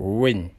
Win.